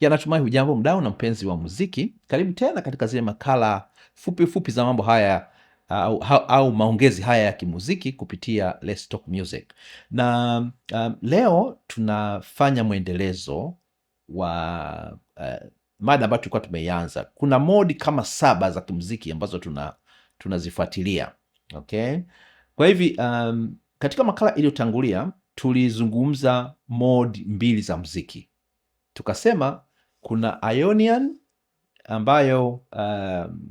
Yanatumai hujambo mdao na mpenzi wa muziki, karibu tena katika zile makala fupi fupi za mambo haya au, au maongezi haya ya kimuziki kupitia Let's Talk Music. Na um, leo tunafanya mwendelezo wa uh, mada ambayo tulikuwa tumeianza. Kuna modi kama saba za kimuziki ambazo tuna tunazifuatilia okay. Kwa hivi um, katika makala iliyotangulia tulizungumza modi mbili za muziki tukasema kuna Ionian ambayo um,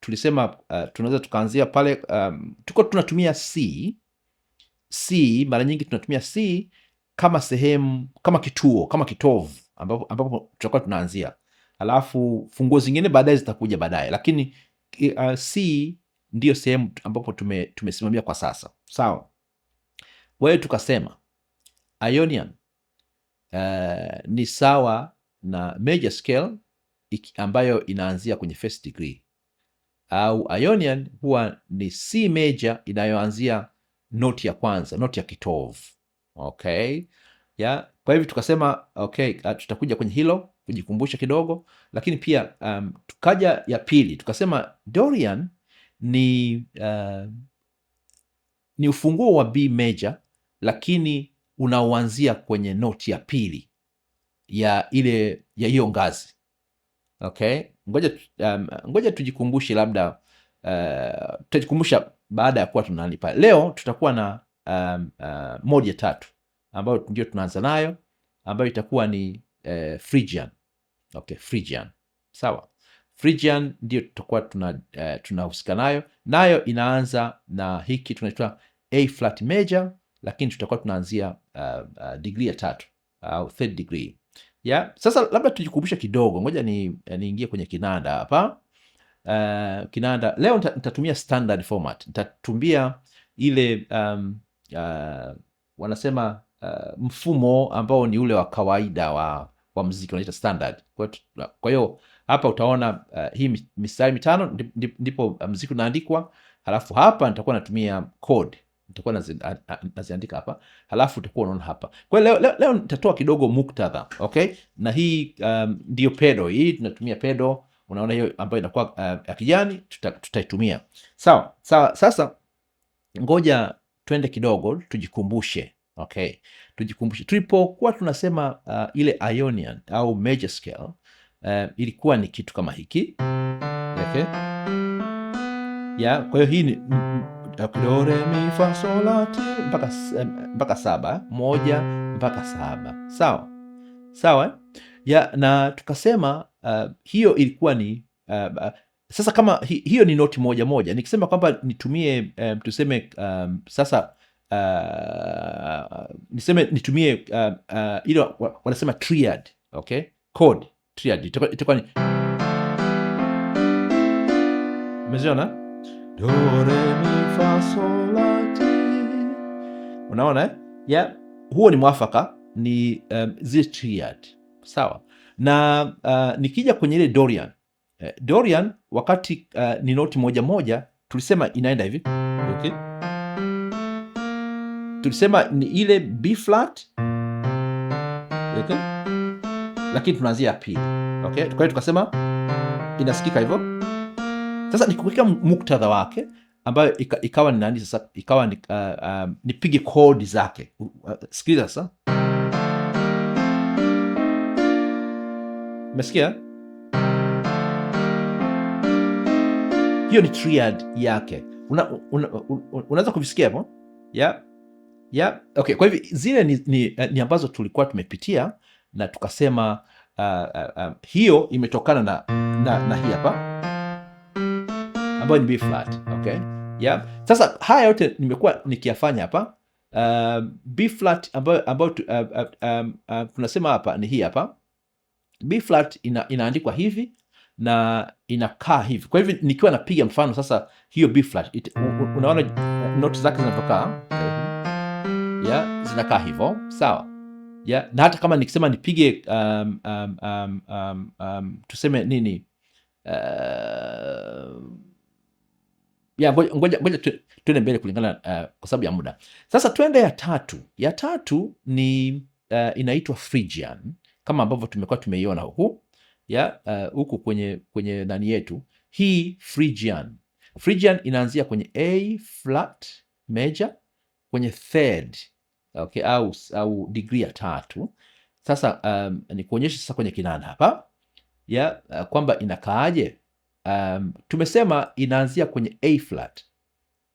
tulisema uh, tunaweza tukaanzia pale um, tuko tunatumia C. C mara nyingi tunatumia C kama sehemu kama kituo kama kitovu ambapo, ambapo tutakuwa tunaanzia, alafu funguo zingine baadaye zitakuja baadaye, lakini uh, C ndiyo sehemu ambapo tume, tumesimamia kwa sasa. Sawa, hiyo tukasema Ionian uh, ni sawa na major scale ambayo inaanzia kwenye first degree, au Ionian huwa ni C major inayoanzia noti ya kwanza, noti ya kitovu. Okay, yeah. Kwa hivyo tukasema okay, tutakuja kwenye hilo kujikumbusha kidogo, lakini pia um, tukaja ya pili tukasema Dorian ni uh, ni ufunguo wa B major, lakini unaoanzia kwenye noti ya pili ya ile ya hiyo ngazi okay. Ngoja, um, ngoja tujikumbushe labda uh, tutajikumbusha baada ya kuwa tunani pale. Leo tutakuwa na um, uh, moja tatu ambayo ndio tunaanza nayo ambayo itakuwa ni uh, Phrygian. Okay, Phrygian. Sawa, Phrygian ndio tutakuwa tuna, uh, tunahusika nayo nayo inaanza na hiki tunaitwa A flat major, lakini tutakuwa tunaanzia uh, uh, degree ya tatu au uh, third degree Yeah. Sasa labda tujikumbushe kidogo, ngoja eh, niingie ni kwenye kinanda hapa. Uh, kinanda leo nitatumia standard format, nitatumia ile um, uh, wanasema uh, mfumo ambao ni ule wa kawaida wa, wa mziki unaita standard. Kwa hiyo hapa utaona uh, hii mistari mitano ndipo mziki unaandikwa, halafu hapa nitakuwa natumia code nitakuwa naziandika hapa, halafu utakuwa unaona hapa. Kwa hiyo leo, leo, leo nitatoa kidogo muktadha okay, na hii um, ndio pedo hii tunatumia pedo, unaona hiyo ambayo inakuwa uh, ya kijani tutaitumia tuta sawa sawa. Sasa ngoja twende kidogo tujikumbushe, okay, tujikumbushe tulipokuwa tunasema uh, ile Ionian au major scale uh, ilikuwa ni kitu kama hiki okay. Yeah, kwa hiyo hii ni do re mi fa sol la ti mpaka eh, mpaka saba moja mpaka saba sawa sawa ya na tukasema uh, hiyo ilikuwa ni uh, sasa kama hi, hiyo ni noti moja moja nikisema kwamba nitumie um, tuseme um, sasa uh, niseme nitumie uh, uh, wanasema triad okay code triad itakuwa ni umeziona Do, re, mi, fa, sol, la, ti. Unaona eh? Yeah. Huo ni mwafaka ni um, zile triad sawa na uh, nikija kwenye ile Dorian eh, Dorian wakati uh, ni noti moja moja tulisema inaenda hivi okay. Tulisema ni ile B flat okay. Lakini tunaanzia pili okay. Kwa hiyo tukasema inasikika hivyo sasa nikuweka muktadha wake ambayo ikawa ni nani sasa, ikawa ni, uh, um, nipige kodi zake uh, sikiliza sasa, mesikia hiyo ni triad yake, unaweza kuvisikia hivo yeah. Yeah. Okay. Kwa hivi zile ni, ni, uh, ni ambazo tulikuwa tumepitia na tukasema uh, uh, um, hiyo imetokana na, na, na hii hapa ambayo ni B flat. Okay? Yeah. Sasa haya yote nimekuwa nikiyafanya hapa. Uh, B flat ambayo ambayo tunasema uh, uh, um, uh, hapa ni hii hapa. B flat ina, inaandikwa hivi na inakaa hivi. Kwa hivyo nikiwa napiga mfano sasa hiyo B flat it, unaona note zake zinatokaa yeah, zinakaa hivyo sawa. Yeah, na hata kama nikisema nipige um, um, um, um, um tuseme nini uh, ya ngoja ngoja tuende mbele kulingana uh, kwa sababu ya muda. Sasa twende ya tatu. Ya tatu ni uh, inaitwa Phrygian kama ambavyo tumekuwa tumeiona huku ya uh, huku kwenye kwenye nani yetu hii Phrygian. Phrygian inaanzia kwenye A flat major kwenye third okay, au au degree ya tatu. Sasa um, ni kuonyesha sasa kwenye kinanda hapa ya uh, kwamba inakaaje um, tumesema inaanzia kwenye A flat.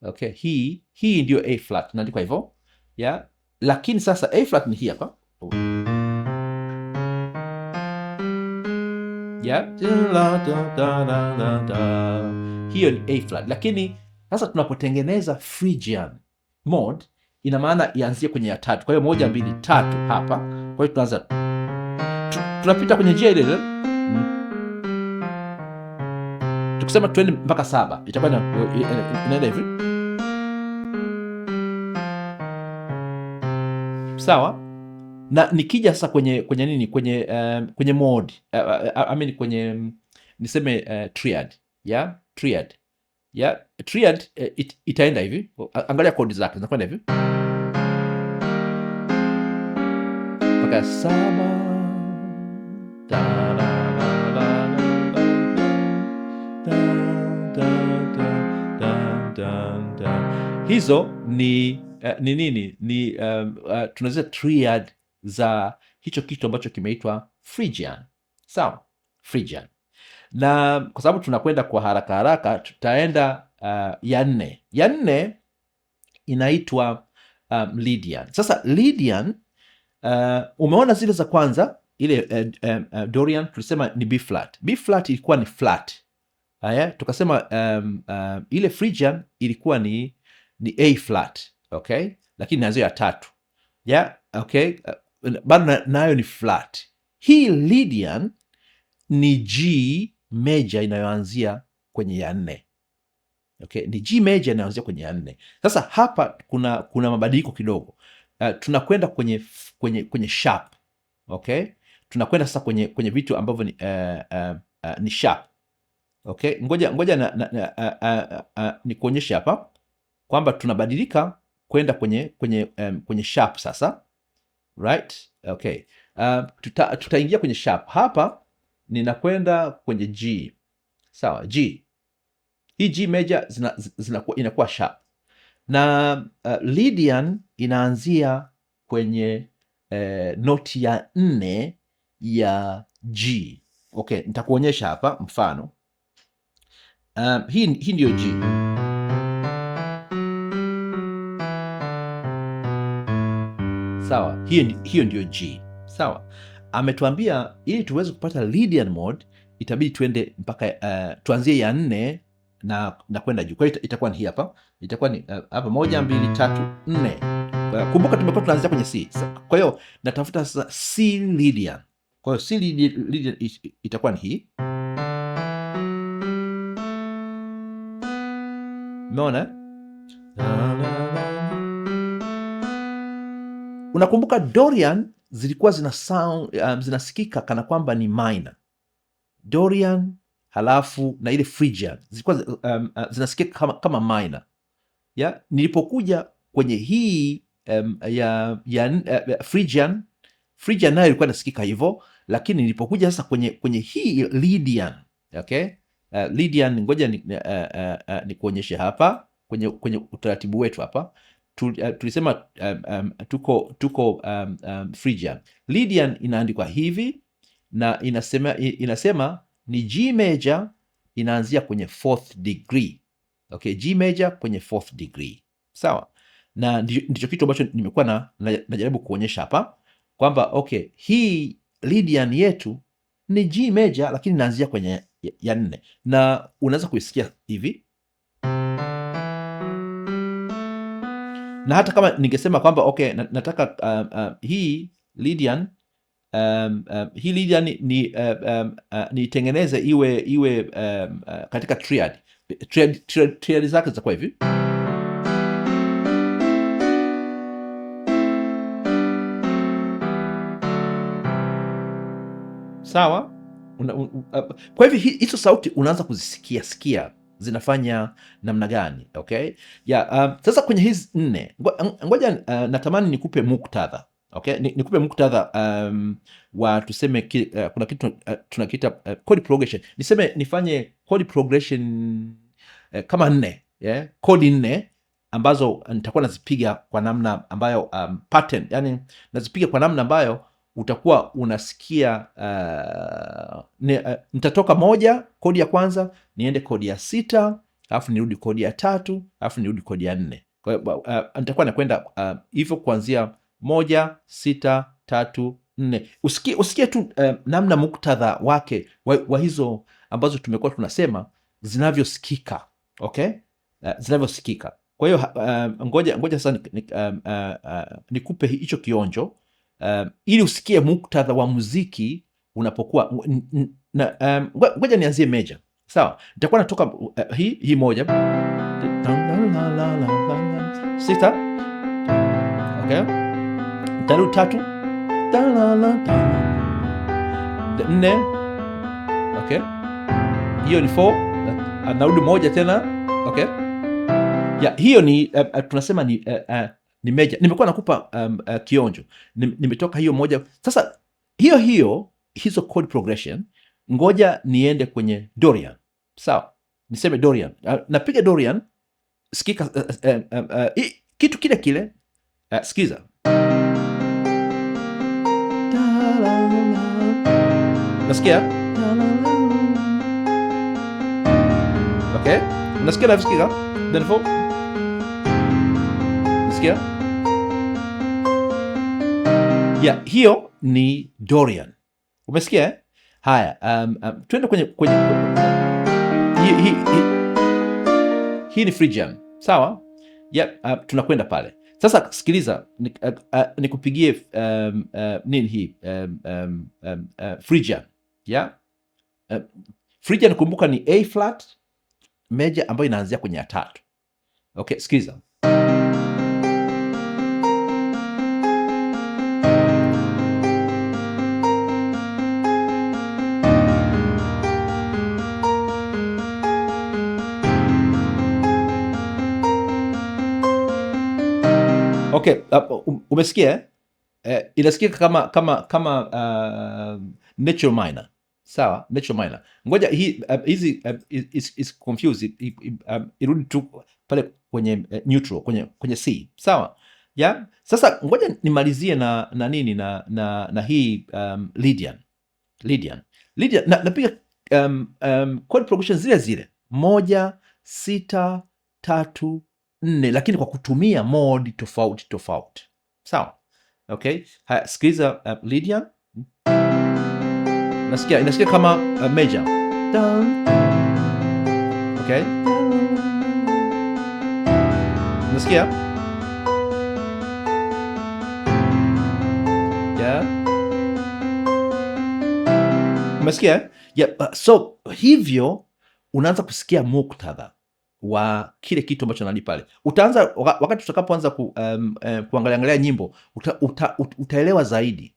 Okay, hii hii ndio A flat inaandikwa hivyo yeah. Lakini sasa A flat ni hii hapa oh. yeah. hiyo ni A flat, lakini sasa tunapotengeneza Phrygian mode ina maana ianzie kwenye ya tatu. Kwa hiyo moja, mbili, tatu hapa. Kwa hiyo tunaanza tunapita kwenye G ile ile tukisema tuende mpaka saba itakuwa eh, eh, eh, inaenda hivi sawa na nikija sasa kwenye kwenye nini kwenye uh, kwenye modi uh, uh, I mean kwenye um, niseme uh, triad yeah triad yeah triad uh, it, itaenda hivi angalia kodi zake zinakwenda hivi mpaka saba tana Hizo ni uh, ni nini ni um, eh, uh, eh, tunazia triad za hicho kitu ambacho kimeitwa frigian sawa? frigian Na kwa sababu tunakwenda kwa haraka haraka, tutaenda uh, ya nne. Ya nne inaitwa um, Lydian. Sasa Lydian uh, umeona zile za kwanza ile uh, uh, Dorian tulisema ni B flat. B flat ilikuwa ni flat. Haya, tukasema um, uh, ile frigian ilikuwa ni ni A flat okay, lakini nazo ya tatu yeah, okay, bado nayo ni flat. Hii Lydian ni G major inayoanzia kwenye ya nne okay, ni G major inayoanzia kwenye ya nne. Sasa hapa kuna, kuna mabadiliko kidogo uh, tunakwenda kwenye, kwenye, kwenye sharp okay, tunakwenda sasa kwenye, kwenye vitu ambavyo ni, uh, uh, uh, ni sharp okay, ngoja ngoja na, na, na, uh, uh, uh, uh, nikuonyeshe hapa kwamba tunabadilika kwenda kwenye kwenye, um, kwenye sharp sasa right? Okay. Uh, tuta, tutaingia kwenye sharp hapa, ninakwenda kwenye G sawa. G hii G major zina, zina, inakuwa sharp na uh, Lydian inaanzia kwenye uh, noti ya nne ya G. Okay, nitakuonyesha hapa mfano um, hii, hii ndiyo G sawa. Hiyo, hiyo ndio G sawa. Ametuambia ili tuweze kupata Lydian mode itabidi tuende mpaka uh, tuanzie ya nne na, na kwenda juu. Kwa itakuwa ni hii hapa, itakuwa ni eh, hapa, moja mbili tatu nne. Kumbuka tumekuwa tunaanzia kwenye C. Kwa hiyo natafuta sasa C Lydian. Kwa hiyo C Lydian itakuwa ni hii, meona Unakumbuka Dorian zilikuwa zina sound, eh, um, zinasikika kana kwamba ni minor. Dorian halafu na ile Phrygian zilikuwa um, uh, zinasikika kama, kama minor. yeah? nilipokuja kwenye hii um, ya, ya, uh, Phrygian, Phrygian nayo ilikuwa inasikika hivyo, lakini nilipokuja sasa kwenye, kwenye hii Lydian, okay? Uh, Lydian ngoja nikuonyeshe uh, uh, uh, hapa kwenye, kwenye utaratibu wetu hapa Eh, tulisema um, um, tuko, tuko um, um, frigia Lydian inaandikwa hivi na inasema, inasema ni G major inaanzia kwenye fourth degree. Okay, G major kwenye fourth degree. Sawa, na ndicho kitu ambacho nimekuwa na, najaribu kuonyesha hapa kwamba okay, hii Lydian yetu ni G major lakini inaanzia kwenye ya nne, na unaweza kuisikia hivi na hata kama ningesema kwamba okay, nataka uh, uh, hii Lydian um, um, hii Lydian ni uh, um, uh, ni iwe iwe um, uh, katika triad triad, triad, triad zake zitakuwa hivi sawa. Una, un, uh, kwa hivyo hizo sauti unaanza kuzisikia sikia zinafanya namna gani? Okay, yeah. Um, sasa kwenye hizi nne ngoja, uh, natamani nikupe muktadha okay, nikupe muktadha um, wa tuseme ki, uh, kuna kitu uh, tunakiita uh, code progression. Niseme nifanye code progression uh, kama nne yeah? kodi nne ambazo nitakuwa nazipiga kwa namna ambayo um, pattern, yani nazipiga kwa namna ambayo utakuwa unasikia uh, ne, uh, nitatoka moja kodi ya kwanza niende kodi ya sita alafu nirudi kodi ya tatu alafu nirudi kodi ya nne. uh, uh, nitakuwa nakwenda uh, hivyo uh, kuanzia moja sita tatu nne. Usikie, usikie tu uh, namna muktadha wake wa, wa hizo ambazo tumekuwa tunasema zinavyosikika okay? Uh, zinavyosikika. Kwa hiyo uh, ngoja, ngoja sasa nikupe um, uh, uh, hicho kionjo uh, ili usikie muktadha wa muziki unapokuwa um, ngoja um, nianzie meja sawa. Nitakuwa natoka uh, hii hi moja sita, okay, ntarudi tatu nne, okay, hiyo ni 4 narudi moja tena, okay, yeah, hiyo ni uh, uh tunasema ni uh, uh, nimeja nimekuwa nakupa um, uh, kionjo Nim, nimetoka hiyo moja sasa, hiyo hiyo hizo code progression, ngoja niende kwenye Dorian, sawa? Niseme Dorian uh, napiga Dorian, sikika uh, uh, um, uh, uh, kitu kile kile uh, sikiza nasikia okay, nasikia navisikia nasikia yeah, hiyo ni Dorian. Umesikia? Eh? Haya, um, um, tuende kwenye, kwenye, kwenye. hi, hi, hi hii ni free jam sawa? Yep, uh, tunakwenda pale sasa. Sikiliza nikupigie uh, uh, ni um, uh, nini hii um, um, um, uh, free jam yeah? Uh, free jam kumbuka ni A flat meja ambayo inaanzia kwenye ya tatu. Okay, sikiliza okay, uh, um, umesikia eh? Uh, eh, inasikika kama kama kama uh, natural minor sawa, natural minor. Ngoja uh, hizi uh, is, confused um, irudi tu pale kwenye uh, neutral kwenye kwenye C sawa yeah. Sasa ngoja nimalizie na na nini na na, na hii um, Lydian Lydian Lydian na, napiga um, um, chord progression zile zile moja sita tatu nne, lakini kwa kutumia modi tofauti tofauti, sawa? Okay, haya, sikiliza uh, Lydian nasikia inasikia kama uh, meja okay, nasikia yeah. Umesikia? Yeah, so hivyo unaanza kusikia muktadha wa kile kitu ambacho nani pale. Utaanza wakati tutakapoanza ku, um, um, kuangalia angalia nyimbo uta, uta, uta, utaelewa zaidi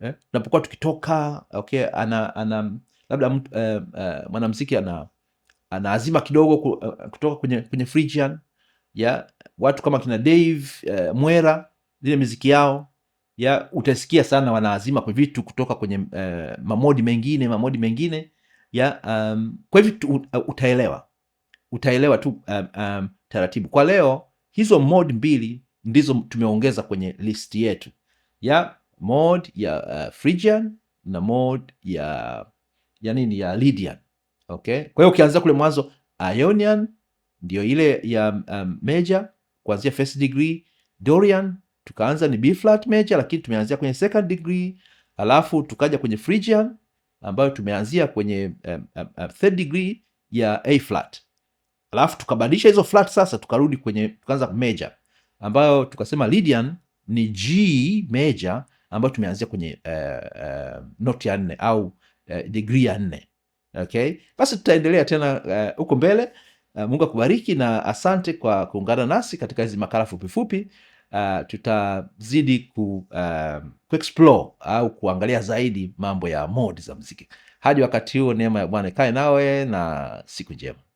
eh? Unapokuwa tukitoka okay, ana, ana labda uh, uh, mwanamuziki ana anaazima kidogo ku, uh, kutoka kwenye, kwenye frigian ya watu kama kina Dave uh, Mwera zile miziki yao ya utasikia sana wanaazima kwa vitu kutoka kwenye uh, mamodi mengine mamodi mengine ya um, kwa hivyo utaelewa utaelewa tu um, um, taratibu. Kwa leo hizo mod mbili ndizo tumeongeza kwenye listi yetu ya mod ya uh, Phrygian na mod ya ya nini ya Lydian. Okay, kwa hiyo ukianzia kule mwanzo Ionian ndio ile ya um, major kuanzia first degree. Dorian tukaanza ni B flat major, lakini tumeanzia kwenye second degree, alafu tukaja kwenye Phrygian ambayo tumeanzia kwenye um, um, um third degree ya A flat alafu tukabadilisha hizo flat sasa, tukarudi kwenye tukaanza major ambayo tukasema Lydian ni G major ambayo tumeanzia kwenye uh, eh, uh, eh, noti ya nne au uh, degree ya nne. Okay, basi tutaendelea tena huko uh, mbele uh, Mungu akubariki na asante kwa kuungana nasi katika hizi makala fupifupi. Uh, tutazidi ku, uh, ku explore au kuangalia zaidi mambo ya modi za mziki. Hadi wakati huo, neema ya Bwana ikae nawe na siku njema.